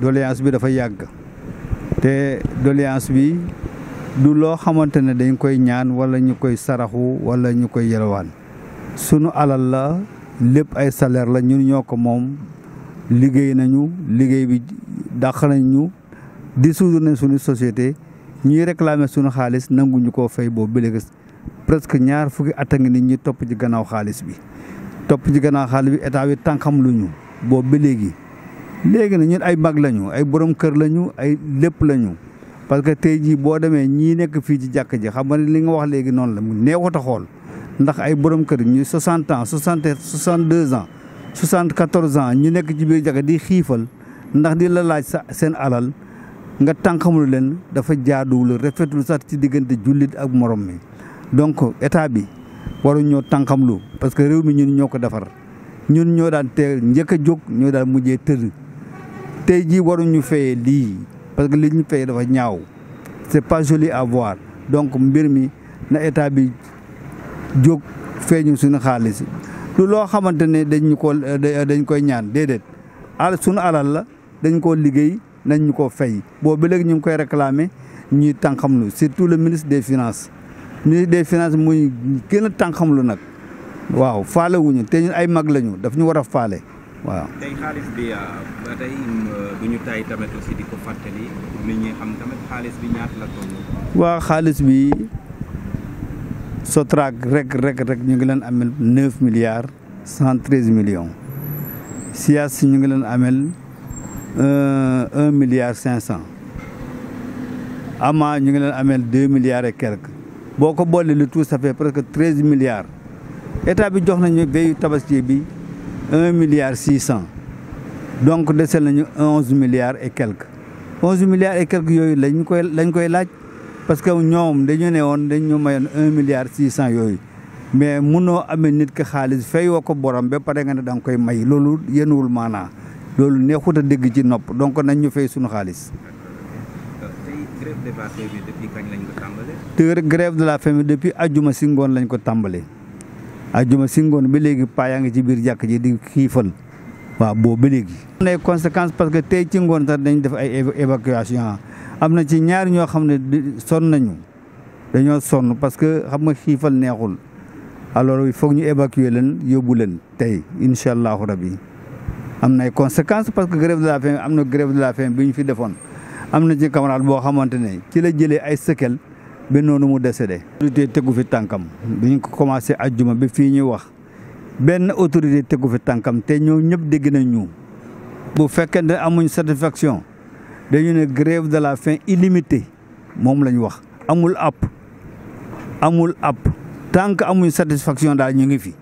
doléance bi dafa yàgg te doléance bi du loo xamante ne dañ koy ñaan wala ñu koy saraxu wala ñu koy yelwaan sunu alal la lépp ay salaire la ñun ñoo ko moom liggéey nañu liggéey bi dàq nañ ñu dissoudre nañ suñu société ñuy réclamer sunu xaalis nanguñu koo fay boobu ba léegi presque ñaar fukki at a ngi nit ñi topp ci gannaaw xaalis bi topp ci gannaaw xaalis bi état bi tànkam lu ñu boobu ba léegi léegi na ñun ay mag lañu ay borom kër lañu ay lépp lañu parce que tey jii boo demee ñii nekk fii ci jàkk ji xam nga li nga wax léegi noonu la mu neexut a xool ndax ay borom kër ñu 60 ans 60 62 ans 74 ans ñu nekk ci biir jàkk di xiifal ndax di la laaj sa seen alal nga tànqamul leen dafa jaaduwul rafetul sax ci diggante jullit ak morom mi donc état bi waru ñoo tànqamlu parce que réew mi ñun ñoo ko defar ñun ñoo daan teel njëkk a jóg ñoo daan mujjee tëdd tey jii waruñu fayee lii parce que li ñu fayee dafa ñaaw c'est pas joli à donc mbir mi na état bi jóg feeñu suñu xaalis lu loo xamante ne dañ ñu ko dañ koy ñaan déedéet al sunu alal la dañ koo liggéey nañ ñu ko fay boobu léegi ñu ngi koy réclamer ñuy tànqamlu surtout le ministre des finances ministre des finances muy gën a tànqamlu nag waaw faale wuñu te ñun ay mag lañu daf ñu war a faale waaw tey xaalis bi ah, ba tey mm, rek rek rek ñu ngi leen amel neuf milliards cent treize millions SIAS ñu ngi leen amel euh, un milliard cinq cent ama ñu ngi leen amel deux milliards e quelque boo ko boolee le tout ça fait presque treize milliards état bi jox nañu veillu tabaski bi. un milliard six cent donc dese nañu onze milliards et quelques onze milliards et quelques yooyu lañ koy lañ koy laaj parce que ñoom dañu ne woon dañu mayoon un milliard six cent yooyu mais munoo amee nit ki xaalis feyoo ko borom ba pare nga ne danga koy may loolu yenuwul maanaa loolu neexut a dégg ci nopp donc nañ ñu fay suñu xaalis. grève de la faim depuis kañ lañ de la faim depuis ajuma si ngoon lañ ko tàmbalee. juma si ngoon ba léegi paa yaa ngi ci biir jàkk ji di xiifal waaw boo ba léegi. am na ay conséquences parce que tey ci ngoon sax dañ def ay évacuation am na ci ñaar ñoo xam ne sonn nañu dañoo sonn parce que xam na xiifal neexul alors il foog ñu évacuer leen yóbbu leen tey incha allahu rabi am na ay conséquences parce que grève de la faim am na grève la faim bi ñu fi defoon am na ci camarade boo xamante ne ci la jëlee ay séquelles. benn noonu mu décédé. autorité tegu fi tànkam bi ñu ko commencé ajjuma bi fii ñuy wax benn autorité tegu fi tànkam te ñoo ñëpp dégg nañ ñu. bu fekkee ne amuñ satisfaction dañu ne grève de la faim illimitée moom lañ wax amul app amul app tant que amuñ satisfaction daal ñu ngi fi.